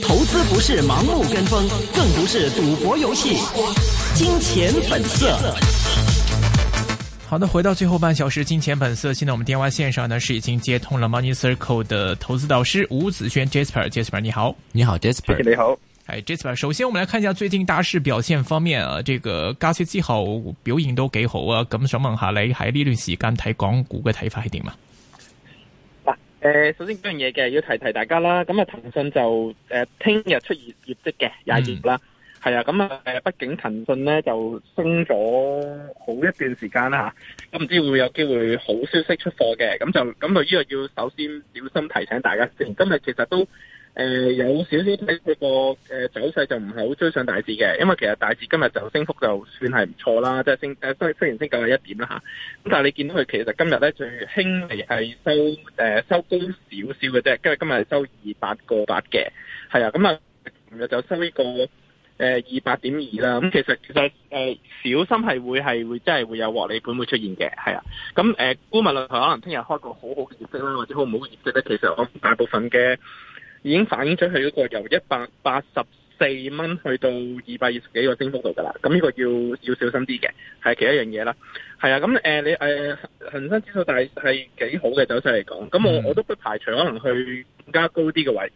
投資不是盲目跟風，更不是賭博遊戲。金錢本色。好的，回到最後半小時，金錢本色。現在我們電話線上呢是已經接通了 Money Circle 的投資導師吳子軒 Jasper，Jasper 你好，你好 Jasper，你好。Hi Jasper，首先我們來看一下最近大市表現方面啊，這個 Gaset 好表現都幾好啊，咁想問下你喺呢段時間睇港股嘅睇法係點啊？誒，首先幾樣嘢，嘅，要提提大家啦。咁啊，騰訊就誒聽日出業業績嘅廿二啦，係、嗯、啊。咁啊，誒、嗯，畢竟騰訊咧就升咗好一段時間啦吓，咁唔知會唔會有機會好消息出貨嘅。咁就咁啊，呢個要首先小心提醒大家。先今日其實都。嗯誒、呃，有少少睇佢個誒走勢就唔係好追上大市嘅，因為其實大市今日就升幅就算係唔錯啦，即係升誒雖然升九十一點啦吓，咁、啊、但係你見到佢其實今日咧最輕微係收誒、呃、收高少少嘅啫，因為今日係收二百個八嘅，係啊，咁啊，今日就收一個誒二百點二啦，咁、呃嗯、其實其實誒、呃、小心係會係會真係會有獲利盤會出現嘅，係啊，咁誒沽物論壇可能聽日開個好好嘅業績啦，或者好唔好嘅業績咧，其實我大部分嘅。已經反映出佢嗰個由一百八十四蚊去到二百二十幾個升幅度㗎啦，咁呢個要要小心啲嘅，係其他一樣嘢啦。係啊，咁誒、呃、你誒恆、呃、生指數大係幾好嘅走勢嚟講，咁我我都不排除可能去更加高啲嘅位，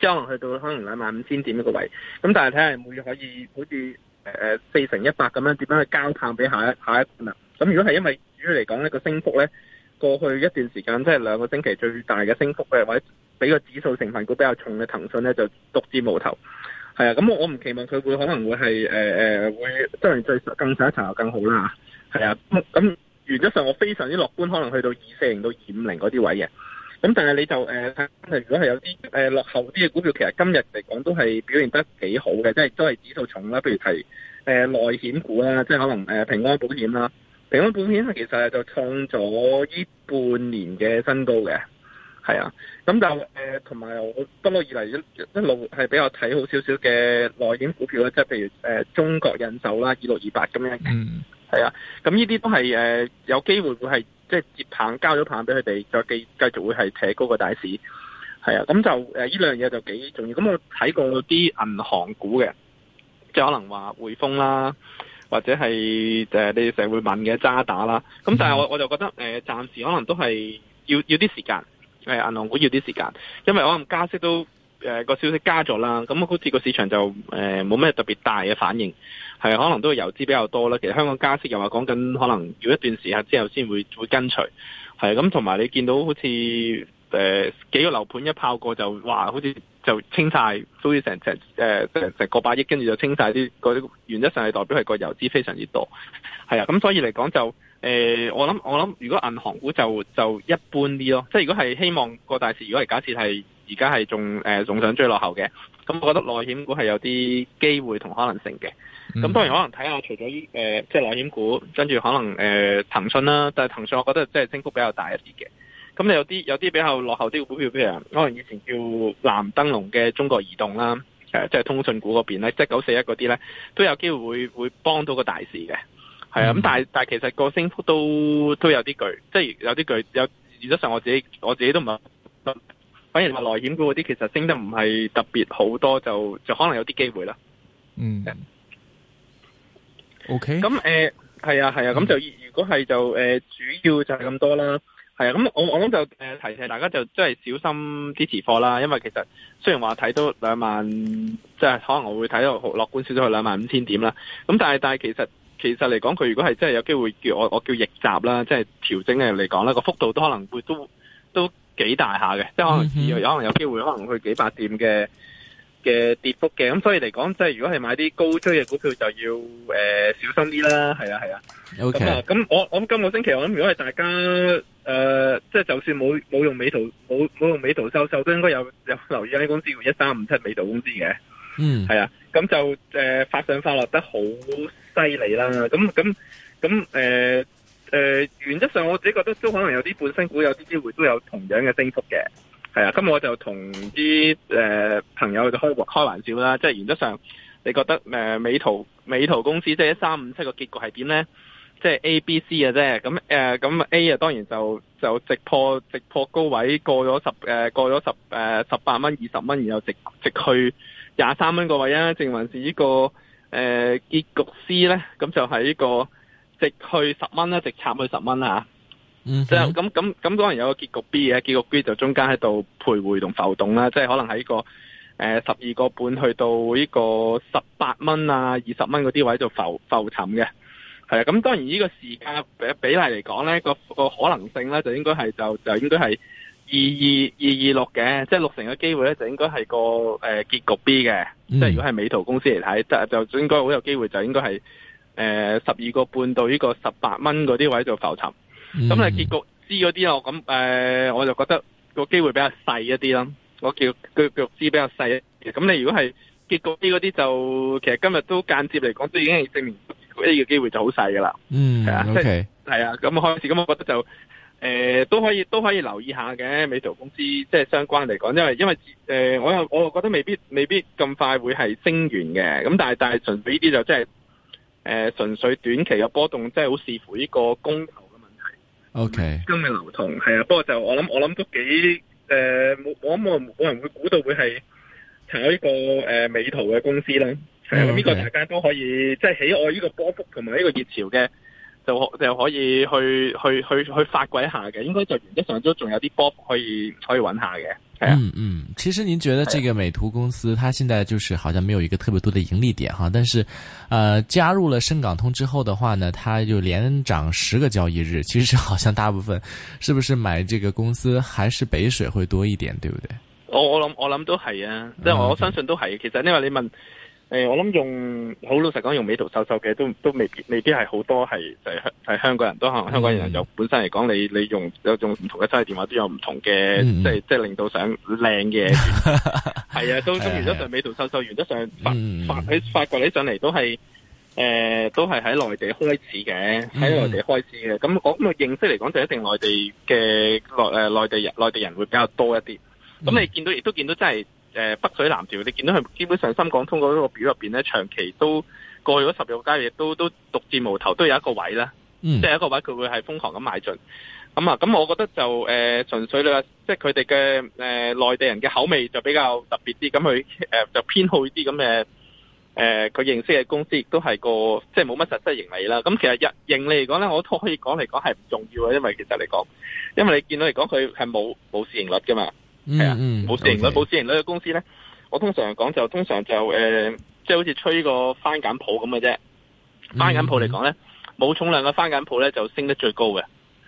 即係可能去到可能兩萬五千點一個位，咁但係睇下每月可以好似誒誒四乘一百分咁樣點樣去交棒俾下一下一輪啊？咁如果係因為主要嚟講呢、呢個升幅咧，過去一段時間即係兩個星期最大嘅升幅嘅或者。俾個指數成分股比較重嘅騰訊咧就獨自無頭。係啊，咁我唔期望佢會可能會係誒、呃、會真係最更上一層樓更好啦，係啊，咁原則上我非常之樂觀，可能去到二四零到二五零嗰啲位嘅、啊，咁但係你就誒、呃、如果係有啲、呃、落後啲嘅股票，其實今日嚟講都係表現得幾好嘅，即係都係指數重啦，譬如提、呃、內險股啦、啊，即、就、係、是、可能、呃、平安保險啦、啊，平安保險其實就創咗呢半年嘅新高嘅。係啊，咁就誒，同、呃、埋我今個以嚟，一路係比較睇好少少嘅內險股票咧，即係譬如誒、呃、中國人壽啦，二六二八咁樣嘅，係、嗯、啊，咁呢啲都係誒、呃、有機會會係即係接棒交咗棒俾佢哋，再繼繼續會係扯高個大市，係啊，咁就誒呢、呃、樣嘢就幾重要。咁我睇過啲銀行股嘅，即係可能話滙豐啦，或者係誒你哋成日會問嘅渣打啦，咁但係我我就覺得誒暫、呃、時可能都係要要啲時間。誒銀行股要啲時間，因為可能加息都、呃、個消息加咗啦，咁好似個市場就誒冇咩特別大嘅反應，係可能都係油資比較多啦。其實香港加息又話講緊，可能要一段時間之後先會會跟隨，係咁同埋你見到好似。誒、呃、幾個樓盤一炮過就話好似就清晒，所以成成成成個百億，跟住就清晒。啲嗰啲，原則上係代表係個遊資非常之多，係啊，咁所以嚟講就誒、呃，我諗我諗，如果銀行股就就一般啲咯，即係如果係希望個大市，如果係假設係而家係仲仲想追落後嘅，咁我覺得內險股係有啲機會同可能性嘅，咁當然可能睇下除咗誒、呃、即係內險股，跟住可能誒、呃、騰訊啦，但係騰訊我覺得即係升幅比較大一啲嘅。咁有啲有啲比較落後啲嘅股票，譬如可能以前叫藍燈籠嘅中國移動啦，誒、啊，即係通訊股嗰邊咧，即係九四一嗰啲咧，都有機會會幫到個大市嘅，係啊。咁、嗯、但係但係其實個升幅都都有啲巨，即係有啲巨。有原則上我自己我自己都唔係，反而話內險股嗰啲其實升得唔係特別好多，就就可能有啲機會啦。嗯。OK。咁、呃、誒，係啊係啊，咁就如果係就誒、呃，主要就係咁多啦。係啊，咁我我諗就誒、呃、提醒大家就真係小心啲持貨啦，因為其實雖然話睇到兩萬，即、就、係、是、可能我會睇到樂觀少少，去兩萬五千點啦。咁但係但係其實其實嚟講，佢如果係真係有機會叫我我叫逆襲啦，即係調整嘅嚟講咧，個幅度都可能會都都幾大下嘅，即係可能有可能有機會可能去幾百點嘅嘅跌幅嘅。咁所以嚟講，即係如果係買啲高追嘅股票，就要誒、呃、小心啲啦。係啊係啊。咁啊、咁、okay. 啊、我我今個星期我諗如果係大家。誒、呃，即係就算冇冇用美圖冇冇用美圖秀秀都應該有有留意啲公司，一三五七美圖公司嘅，嗯，係啊，咁就誒、呃、發上發落得好犀利啦，咁咁咁誒誒，原則上我自己覺得都可能有啲本身股有啲機會都有同樣嘅升幅嘅，係啊，咁我就同啲誒朋友就開開玩笑啦，即、就、係、是、原則上你覺得誒美圖美圖公司即係一三五七嘅結局係點咧？即、就、係、是、A、B、C 嘅啫，咁誒，咁 A 啊當然就就直破直破高位，過咗十誒過咗十誒十八蚊、二十蚊，然後直直去廿三蚊個位啊！正話是呢個誒結局 C 咧，咁就喺呢個直去十蚊啦，直插去十蚊啦嚇。嗯、mm -hmm. 啊，即係咁咁咁當然有個結局 B 嘅，結局 B 就中間喺度徘徊同浮動啦，即、就、係、是、可能喺個誒十二個半去到呢個十八蚊啊、二十蚊嗰啲位度浮浮沉嘅。係啊，咁當然呢個時間比比例嚟講呢個可能性呢，就應該係22，就就應該係二二二二六嘅，即係六成嘅機會呢，就應該係個結局 B 嘅。即、嗯、係如果係美圖公司嚟睇，就應該好有機會，就應該係誒十二個半到呢個十八蚊嗰啲位做浮沉。咁、嗯、你結局 C 嗰啲啊，我咁我就覺得個機會比較細一啲啦。我叫叫叫 C 比較細嘅。咁你如果係結局 B 嗰啲，就其實今日都間接嚟講都已經係證明。呢、這個機會就好細噶啦，嗯，係啊，即、okay. 啊，咁開始咁，我覺得就、呃、都可以都可以留意下嘅美圖公司，即、就、係、是、相關嚟講，因為因為、呃、我又我又覺得未必未必咁快會係升完嘅，咁但係但係純粹呢啲就真係純粹短期嘅波動，即係好視乎呢個供求嘅問題。O K. 今日流通係啊，不過就我諗我諗都幾誒冇冇冇冇人會估到會係炒呢個、呃、美圖嘅公司啦。呢個大家都可以即係喜愛呢個波幅同埋呢個熱潮嘅，就就可以去去去去發掘一下嘅。應該就原則上都仲有啲波可以可以搵下嘅。嗯嗯，其實您覺得這個美圖公司，它現在就是好像沒有一個特別多的盈利點哈，但是，誒、呃，加入了深港通之後的話呢，它就連漲十個交易日，其實好像大部分是不是買這個公司還是北水會多一點，對不對？我我諗我諗都係啊，即、嗯、係我相信都係。其實因為你問。誒、呃，我諗用好老實講，用美圖秀秀嘅都都未必未必係好多係，就係香係香港人都可能。香港人由本身嚟講，你你用有用唔同嘅手提電話都有唔同嘅，嗯嗯即係即係令到想靚嘅，係 啊，都都原則上美圖秀秀原則上發發你發掘你上嚟都係誒、呃，都係喺內地開始嘅，喺內地開始嘅。咁我咁認識嚟講，就一定內地嘅內誒內地人內地人會比較多一啲。咁、嗯、你見到亦都見到真係。誒北水南調，你見到佢基本上深港通嗰個表入面咧，長期都過去咗十六個交易，都都獨自無頭，都有一個位啦、嗯，即係一個位佢會係瘋狂咁買進。咁啊，咁我覺得就誒、呃、純粹咧，即係佢哋嘅誒內地人嘅口味就比較特別啲，咁佢誒就偏好啲咁嘅誒佢認識嘅公司，亦都係個即係冇乜實質盈利啦。咁其實日盈利嚟講咧，我都可以講嚟講係唔重要啊，因為其實嚟講，因為你見到嚟講佢係冇冇市盈率噶嘛。係、嗯嗯、啊，冇市盈率、冇市盈率嘅公司咧，我通常講就通常就誒、呃，即係好似吹個番梘泡咁嘅啫。番梘泡嚟講咧，冇、嗯、重量嘅番梘泡咧就升得最高嘅。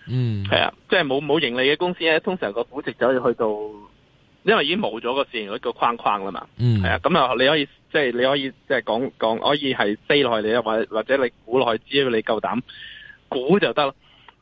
嗯，係啊，即係冇冇盈利嘅公司咧，通常個估值就可以去到，因為已經冇咗個市盈率個框框啦嘛。嗯，係啊，咁啊，你可以即係你可以即係講講，可以係飛落去你，或或者你估落去，只要你夠膽估就得啦。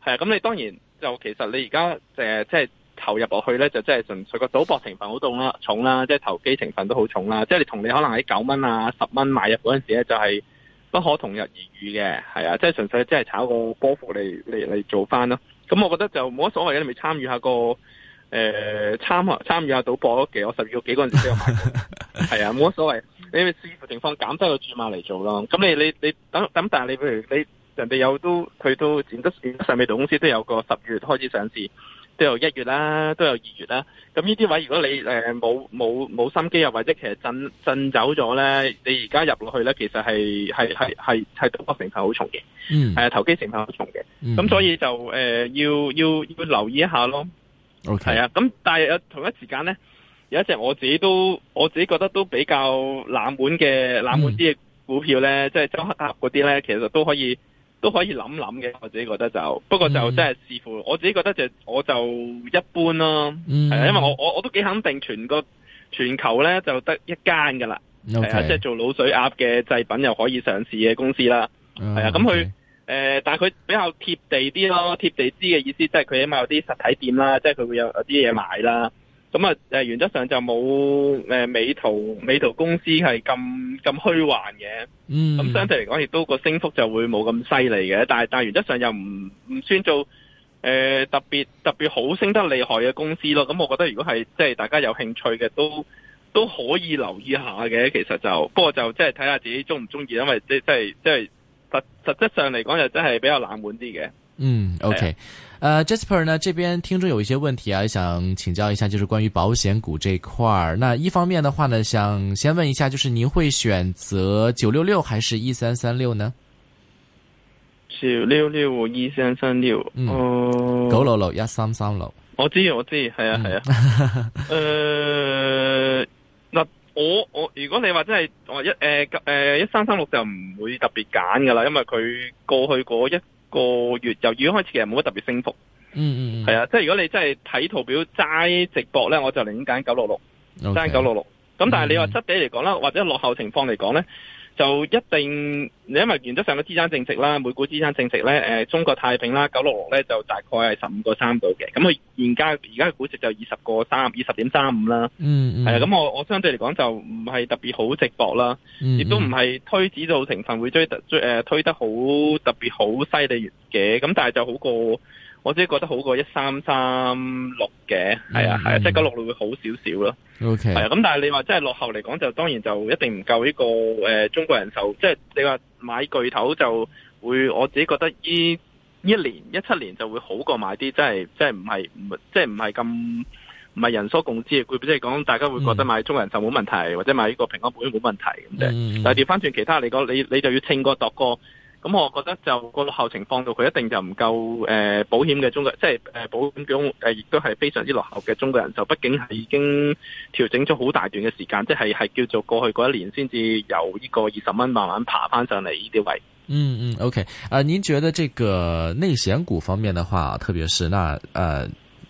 係啊，咁你當然就其實你而家誒即係。投入落去咧，就真係純粹個賭博成分好重啦，重啦，即係投機成分都好重啦。即係你同你可能喺九蚊啊，十蚊買入嗰陣時咧，就係、是，不可同日而語嘅。係啊，即係純粹即係炒個波幅嚟嚟嚟做翻咯。咁我覺得就冇乜所謂嘅，你咪參與下個誒參啊參與下賭博咯。其實我十二月幾嗰陣時都有買，係 啊，冇乜所謂。你咪視乎情況減低個注碼嚟做咯。咁你你你等咁，但係你譬如你，你人哋有都去到剪得線上面，公司都有個十月開始上市。都有一月啦，都有二月啦。咁呢啲位，如果你誒冇冇冇心機，入或者其實震震走咗咧，你而家入落去咧，其實係系系系係個成分好重嘅，嗯，係啊，投機成分好重嘅。咁、嗯、所以就誒、呃、要要要留意一下咯。O K，係啊。咁但係同一時間咧，有一隻我自己都我自己覺得都比較冷門嘅冷門啲嘅股票咧、嗯，即係周黑鴨嗰啲咧，其實都可以。都可以諗諗嘅，我自己覺得就不過就真係視乎、嗯，我自己覺得就我就一般咯、啊，係、嗯、因為我我我都幾肯定全，全個全球咧就得一間㗎啦，啊、okay.，即係做鹵水鴨嘅製品又可以上市嘅公司啦，係、嗯、啊，咁佢、okay. 嗯、但係佢比較貼地啲咯，貼地啲嘅意思即係佢起碼有啲實體店啦，即係佢會有有啲嘢買啦。咁、嗯、啊，誒原則上就冇誒美圖美圖公司係咁咁虛幻嘅，咁、嗯、相對嚟講亦都個升幅就會冇咁犀利嘅。但係但係原則上又唔唔算做誒、呃、特別特別好升得厲害嘅公司咯。咁、嗯、我覺得如果係即係大家有興趣嘅，都都可以留意一下嘅。其實就不過就即係睇下自己鍾唔鍾意，因為即即係即係實實質上嚟講就真係比較冷門啲嘅。嗯，OK。呃、uh，Jasper 呢這邊聽眾有一些問題啊，想請教一下，就是關於保險股這塊兒。那一方面的話呢，想先問一下，就是您會選擇九六六還是一三三六呢？九六六一三三六，嗯，九六六一三三六，我知我知，係啊係啊 呃、就是。呃，嗱、呃，我我如果你話真係我一誒誒一三三六就唔會特別揀噶啦，因為佢過去嗰一。個月由二開始其實冇乜特別升幅，嗯嗯，係啊，即係如果你真係睇圖表齋直播咧，我就寧願揀九六六，齋九六六。咁但係你話質地嚟講啦，或者落後情況嚟講咧。就一定，你因為原則上嘅資產淨值啦，每股資產淨值咧，誒，中國太平啦，九六六咧就大概係十五個三度嘅，咁佢現家而家嘅估值就二十個三，二十點三五啦，嗯、mm、嗯 -hmm.，係啊，咁我我相對嚟講就唔係特別好值博啦，亦、mm -hmm. 都唔係推指數成分會推推得好特別好犀利嘅，咁但係就好過。我自己覺得好過一三三六嘅，係啊，係啊，即係九六六會好少少咯。O K。係啊，咁但係你話真係落後嚟講，就當然就一定唔夠呢個、呃、中國人壽。即、就、係、是、你話買巨頭就會，我自己覺得依一年一七年就會好過買啲即係即係唔係唔即係唔係咁唔係人所共知嘅。佢即係講大家會覺得、嗯、買中國人壽冇問題，或者買呢個平安保險冇問題咁、嗯、但係調翻轉其他嚟講，你你，你就要稱過度過。咁、嗯、我覺得就個落後情況度，佢一定就唔夠誒保險嘅中國人，即係誒保險業，亦都係非常之落後嘅中國人。就畢竟係已經調整咗好大段嘅時間，即係係叫做過去嗰一年先至由呢個二十蚊慢慢爬翻上嚟呢啲位。嗯嗯，OK、呃。誒，您覺得呢個內險股方面嘅話，特別是那誒？呃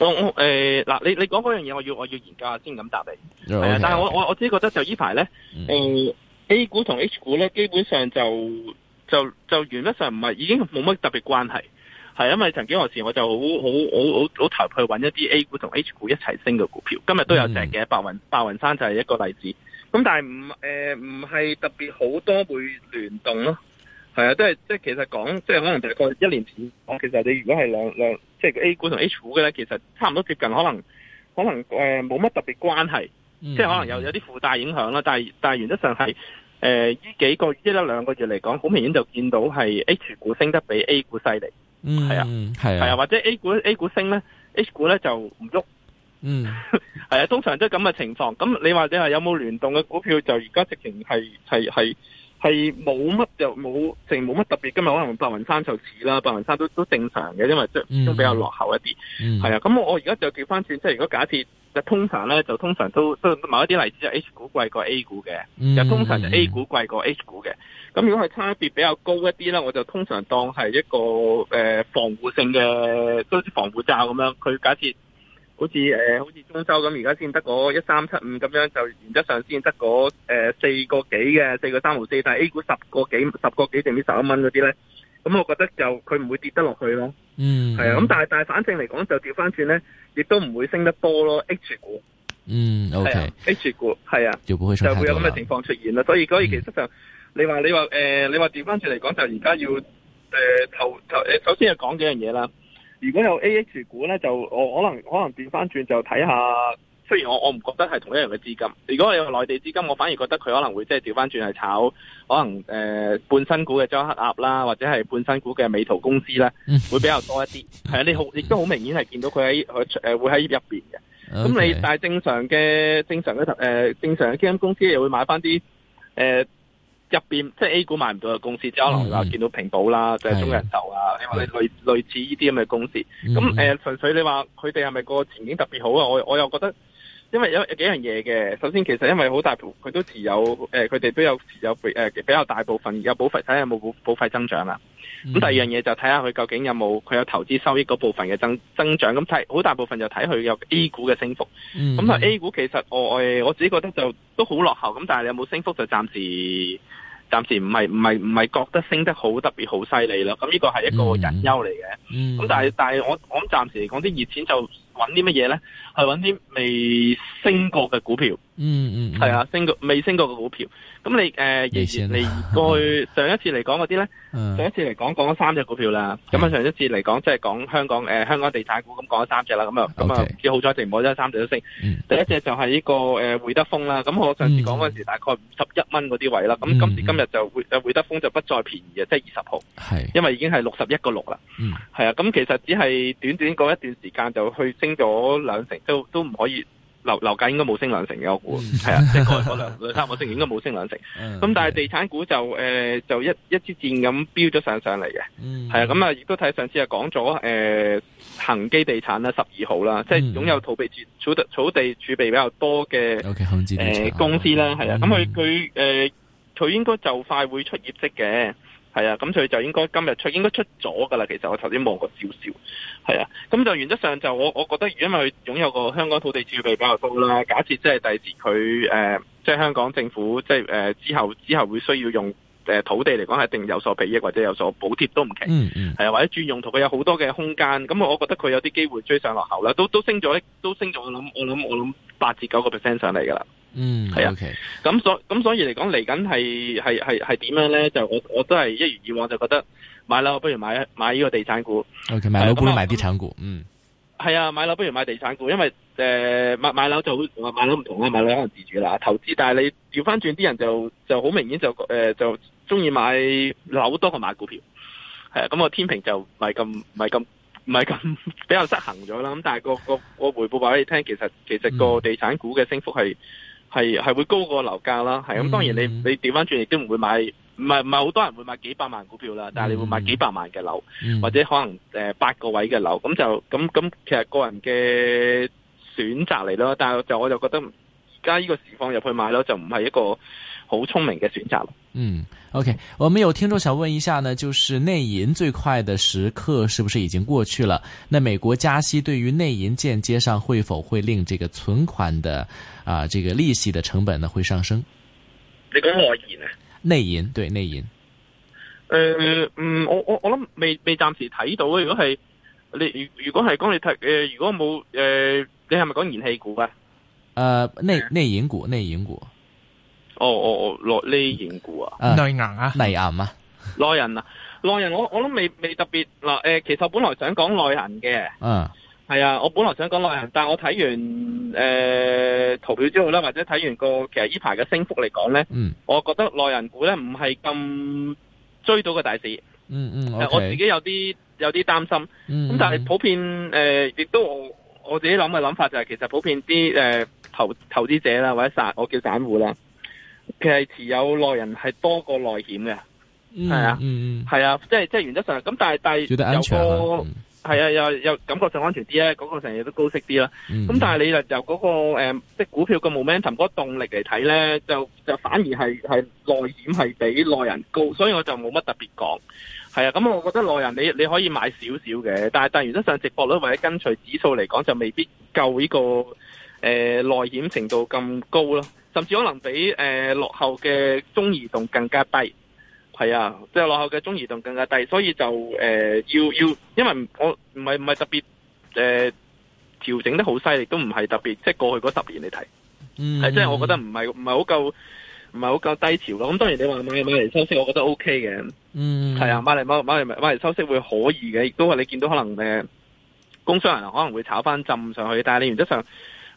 我我誒嗱，你你講嗰樣嘢，我要我要研究下先咁答你。係、okay. 啊、呃，但係我我我自己覺得就依排咧，誒、呃、A 股同 H 股咧，基本上就就就原則上唔係已經冇乜特別關係，係因為曾經我時我就好好好好投入去揾一啲 A 股同 H 股一齊升嘅股票，今日都有成嘅、嗯、白雲白雲山就係一個例子。咁但係唔誒唔係特別好多會聯動咯。係啊，即係即係，其實講即係可能就係個一年前，我其實你如果係兩兩即係 A 股同 H 股嘅咧，其實差唔多接近，可能可能誒冇乜特別關係、嗯，即係可能有有啲附帶影響啦。但係但係，原則上係誒呢幾個一兩兩個月嚟講，好明顯就見到係 H 股升得比 A 股犀利。嗯，係啊，係啊，或者 A 股 A 股升咧，H 股咧就唔喐。嗯，係 啊，通常都係咁嘅情況。咁你或者係有冇聯動嘅股票？就而家直情係係係。是是是係冇乜就冇，成冇乜特別，今日可能白雲山就似啦，白雲山都都正常嘅，因為都比較落後一啲。係、嗯、啊、咁、嗯嗯、我而家就調翻轉，即係如果假設，就通常咧就通常都都某一啲例子就 H 股貴過 A 股嘅，就、嗯、通常就 A 股貴過 H 股嘅。咁、嗯、如果係差別比較高一啲咧，我就通常當係一個誒、呃、防護性嘅，都好似防護罩咁樣。佢假設。好似、呃、好似中秋咁，而家先得嗰一三七五咁樣，就原則上先得嗰呃、四個幾嘅四個三毫四，但係 A 股十個幾十個幾定啲十一蚊嗰啲咧，咁、嗯、我覺得就佢唔會跌得落去咯。嗯，係啊，咁但係但係反正嚟講就調翻轉咧，亦都唔會升得多咯。H 股，嗯，OK，H、okay, 啊、股係啊，就會有咁嘅情況出現啦。所以所以其實就你話你話誒，你話調翻轉嚟講，就而家要頭頭、呃欸、首先係講幾樣嘢啦。如果有 A H 股咧，就我可能可能調翻轉就睇下。雖然我我唔覺得係同一樣嘅資金。如果你有內地資金，我反而覺得佢可能會即係調翻轉係炒可能誒、呃、半新股嘅周黑鴨啦，或者係半新股嘅美圖公司咧，會比較多一啲。係 啊，你好，亦都好明顯係見到佢喺佢誒會喺入邊嘅。咁、okay. 你但係正常嘅正常嘅、呃、正常嘅基金公司又會買翻啲誒。呃入邊即係 A 股買唔到嘅公司，只可能話見到平保啦，就係中人壽啊，因為你類類似呢啲咁嘅公司，咁誒純粹你話佢哋係咪個前景特別好啊？我我又覺得，因為有幾樣嘢嘅。首先，其實因為好大部佢都持有，誒佢哋都有持有，誒比較大部分有保費睇下有冇保費增長啦。咁第二樣嘢就睇下佢究竟有冇佢有，有投資收益嗰部分嘅增增長，咁睇好大部分就睇佢有 A 股嘅升幅。咁、嗯、啊 A 股其實我我我自己覺得就都好落後，咁但係你有冇升幅就暫時暫時唔係唔係唔係覺得升得好特別好犀利咯。咁呢個係一個隱憂嚟嘅。咁、嗯、但係但係我我暫時嚟講啲熱錢就。揾啲乜嘢咧？係揾啲未升過嘅股票。嗯嗯。係啊，升過未升過嘅股票。咁你誒以前你過去上一次嚟講嗰啲咧？上一次嚟講講咗三隻股票啦。咁啊，上一次嚟講即係講香港誒香港地產股，咁講咗三隻啦。咁啊咁啊，叫好彩就唔好啫，三隻都升。第一隻就係呢個誒會德豐啦。咁我上次講嗰陣時，大概五十一蚊嗰啲位啦。咁今時今日就匯誒會德豐就不再便宜嘅，即係二十毫。係。因為已經係六十一個六啦。嗯。係啊，咁其實只係短短嗰一段時間就去升。升咗兩成，都都唔可以樓樓價應該冇升兩成嘅，我估係啊， 三個星期應該冇升兩成。咁 但係地產股就誒、呃、就一一支箭咁飆咗上上嚟嘅，係、嗯、啊。咁啊亦都睇上次啊講咗誒恒基地產啦，十二號啦，即係擁有土地儲地儲備比較多嘅、okay，呃、公司啦，係啊。咁佢佢誒佢應該就快會出業績嘅。係啊，咁佢就應該今日出，應該出咗噶啦。其實我頭先望過少少，係啊。咁就原則上就我我覺得，因為佢擁有個香港土地儲備比較高啦。假設即係第二次佢誒、呃，即係香港政府即係誒、呃、之後之後會需要用誒土地嚟講，係一定有所裨益或者有所補貼都唔奇。係、mm、係 -hmm. 啊，或者轉用途，佢有好多嘅空間。咁我我覺得佢有啲機會追上落後啦。都都升咗，都升咗。我諗我諗我諗八至九個 percent 上嚟噶啦。嗯，係啊，咁、okay. 所咁所以嚟講，嚟緊係係係係點樣咧？就我我都係一如以往，就覺得買樓不如買買呢個地產股。O、okay, K，買，買、啊嗯嗯啊、買樓不如買地產股。嗯，係啊，買樓不如買地產股，因為誒買買樓就好買樓唔同啦，買樓可能自住啦，投資。但係你調翻轉啲人就就好明顯就誒、呃、就中意買樓多過買股票，係啊。咁、嗯、個天平就唔係咁唔係咁唔係咁比較失衡咗啦。咁但係個個個，個回報話俾你聽，其實其實個地產股嘅升幅係，嗯係係會高過樓價啦，係、mm、咁 -hmm. 當然你你調翻轉亦都唔會買，唔係唔係好多人會買幾百萬股票啦，mm -hmm. 但係你會買幾百萬嘅樓，mm -hmm. 或者可能誒、呃、八個位嘅樓，咁就咁咁其實個人嘅選擇嚟咯，但係就我就覺得而家呢個時況入去買咯，就唔係一個。.好聰明嘅選擇咯、嗯。嗯，OK，我們有聽眾想問一下呢，就是內銀最快的時刻是不是已經過去了？那美國加息對於內銀間接上會否會令這個存款的啊，這個利息的成本呢會上升？你講外銀啊？內銀對，內銀。誒，嗯、呃，我我我諗未未暫時睇到啊。如果係你如果係講你睇誒，如果冇誒、呃，你係咪講燃氣股啊？誒、呃，內內銀股內銀股。內銀股。哦哦哦，內呢緣故啊，內硬啊，內硬啊，內人啊，內人我我都未未特別嗱誒、呃，其實我本來想講內人嘅，嗯、啊，係啊，我本來想講內人，但係我睇完誒、呃、投票之後咧，或者睇完個其實呢排嘅升幅嚟講咧，嗯，我覺得內人股咧唔係咁追到個大市，嗯嗯、okay，我自己有啲有啲擔心，嗯，咁但係普遍誒，亦、呃、都我我自己諗嘅諗法就係、是，其實普遍啲誒、呃、投投資者啦，或者散我叫散戶啦。其實持有內人係多過內險嘅，係、嗯、啊，係、嗯、啊，即係即係原則上咁，但係但係有個係啊，又又感覺上安全啲咧，嗰、嗯那個成日都高息啲啦。咁、嗯、但係你由嗰、那個誒、呃，即係股票嘅 momentum 嗰個動力嚟睇咧，就就反而係係內險係比內人高，所以我就冇乜特別講。係啊，咁我覺得內人你你可以買少少嘅，但係但係原則上，值博率或者跟隨指數嚟講就未必夠呢、這個誒內險程度咁高啦。甚至可能比誒、呃、落後嘅中移動更加低，係啊，即、就、係、是、落後嘅中移動更加低，所以就誒、呃、要要，因為我唔係唔係特別誒、呃、調整得好犀利，都唔係特別，即係過去嗰十年嚟睇，係即係我覺得唔係唔係好夠，唔係好夠低潮咯。咁當然你話買買嚟收息，我覺得 O K 嘅，係、嗯、啊，買嚟買買嚟買嚟收息會可以嘅，亦都話你見到可能誒工商銀行可能會炒翻浸上去，但係你原則上。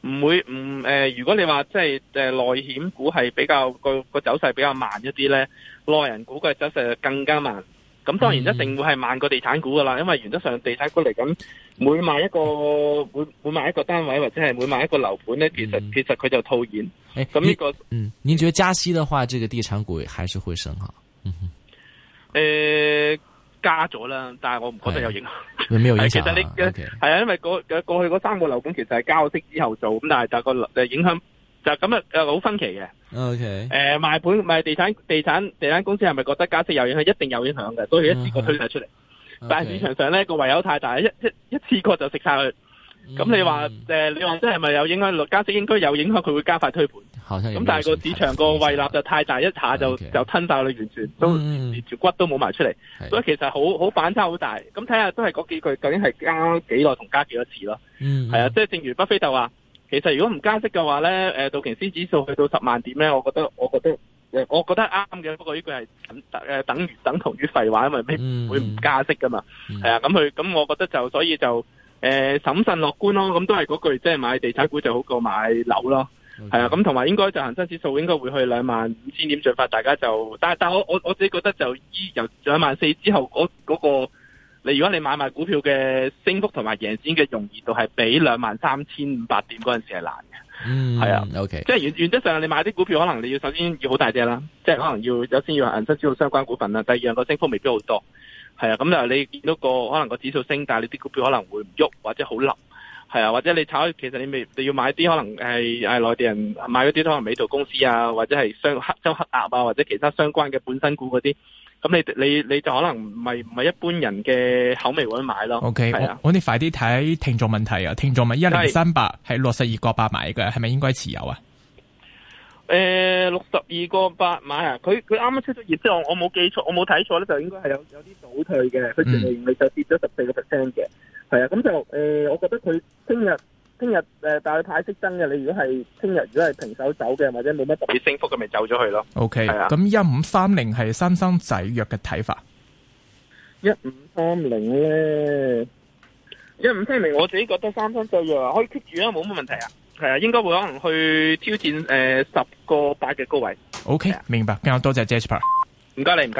唔會唔誒、嗯呃，如果你話即係誒內險股係比較個個走勢比較慢一啲咧，內人股嘅走勢更加慢。咁當然一定會係慢過地產股噶啦，因為原則上地產股嚟咁每買一個每每買一個單位或者係每買一個樓盤咧，其實、嗯、其實佢就套現。咁、哎、呢、這個嗯，您覺得加息嘅話，這個地產股還是會升啊？誒、嗯。呃加咗啦，但係我唔覺得有影響。有咩影響？ 其實你係啊，okay. 因為過去嗰三個樓盤其實係交息之後做，咁但係就個影響就咁啊，好分歧嘅。誒、okay. 賣盤賣地產地產地產公司係咪覺得加息有影響？一定有影響嘅，都可以一次過推晒出嚟。Uh -huh. okay. 但係市場上咧個唯有太大，一一一次過就食曬佢。咁你話誒、嗯，你話即係咪有影響？加息應該有影響，佢會加快推盤。咁但係個市場個胃納就太大，一下就、okay. 就吞晒啦，完全都連條骨都冇埋出嚟、嗯。所以其實好好反差好大。咁睇下都係嗰幾句，究竟係加幾耐同加幾多次咯？係、嗯、啊，即、就、係、是、正如巴菲特就話，其實如果唔加息嘅話咧，誒道瓊斯指數去到十萬點咧，我覺得，我覺得我覺得啱嘅。不過呢句係誒等於等同於廢話，因為咪會唔加息噶嘛。係、嗯嗯、啊，咁佢咁，我覺得就所以就。誒、呃，審慎樂觀咯，咁都係嗰句，即係買地產股就好過買樓咯，係、okay. 啊，咁同埋應該就恆生指數應該會去兩萬五千點進發，大家就，但但我我我自己覺得就依由兩萬四之後，嗰、那個你如果你買賣股票嘅升幅同埋贏錢嘅容易度係比兩萬三千五百點嗰陣時係難嘅，係、嗯、啊，O、okay. K，即係原原則上你買啲股票可能你要首先要好大隻啦，即係可能要首先要恒、就是、生指數相關股份啦，第二樣、那個升幅未必好多。係啊，咁就你見到個可能個指數升，但係你啲股票可能會唔喐，或者好冧，係啊，或者你炒，其實你未你要買啲可能係係、哎、內地人買嗰啲，可能美圖公司啊，或者係相黑周黑鴨啊，或者其他相關嘅本身股嗰啲，咁你你你就可能唔係唔係一般人嘅口味嗰啲買咯。OK，、啊、我我哋快啲睇聽眾問題啊！聽眾問題：一零三八係六十二個八買嘅，係、就、咪、是、應該持有啊？誒、呃，六十二個八買啊！佢佢啱啱出咗業績之後我我冇記錯，我冇睇錯咧，就應該係有有啲倒退嘅。佢淨利就跌咗十四個 percent 嘅，係啊。咁、嗯、就誒、呃，我覺得佢聽日聽日誒，但係、呃、太激增嘅。你如果係聽日如果係平手走嘅，或者冇乜特別升幅嘅，咪走咗去咯。O K，係啊。咁一五三零係三生製藥弱嘅睇法。一五三零咧，一五三零，我自己覺得三生製藥弱啊，可以 keep 住啊，冇乜問題啊。係啊，應該會可能去挑戰誒十、呃、個八嘅高位。OK，明白。比較多謝 Jasper，唔該你，唔該。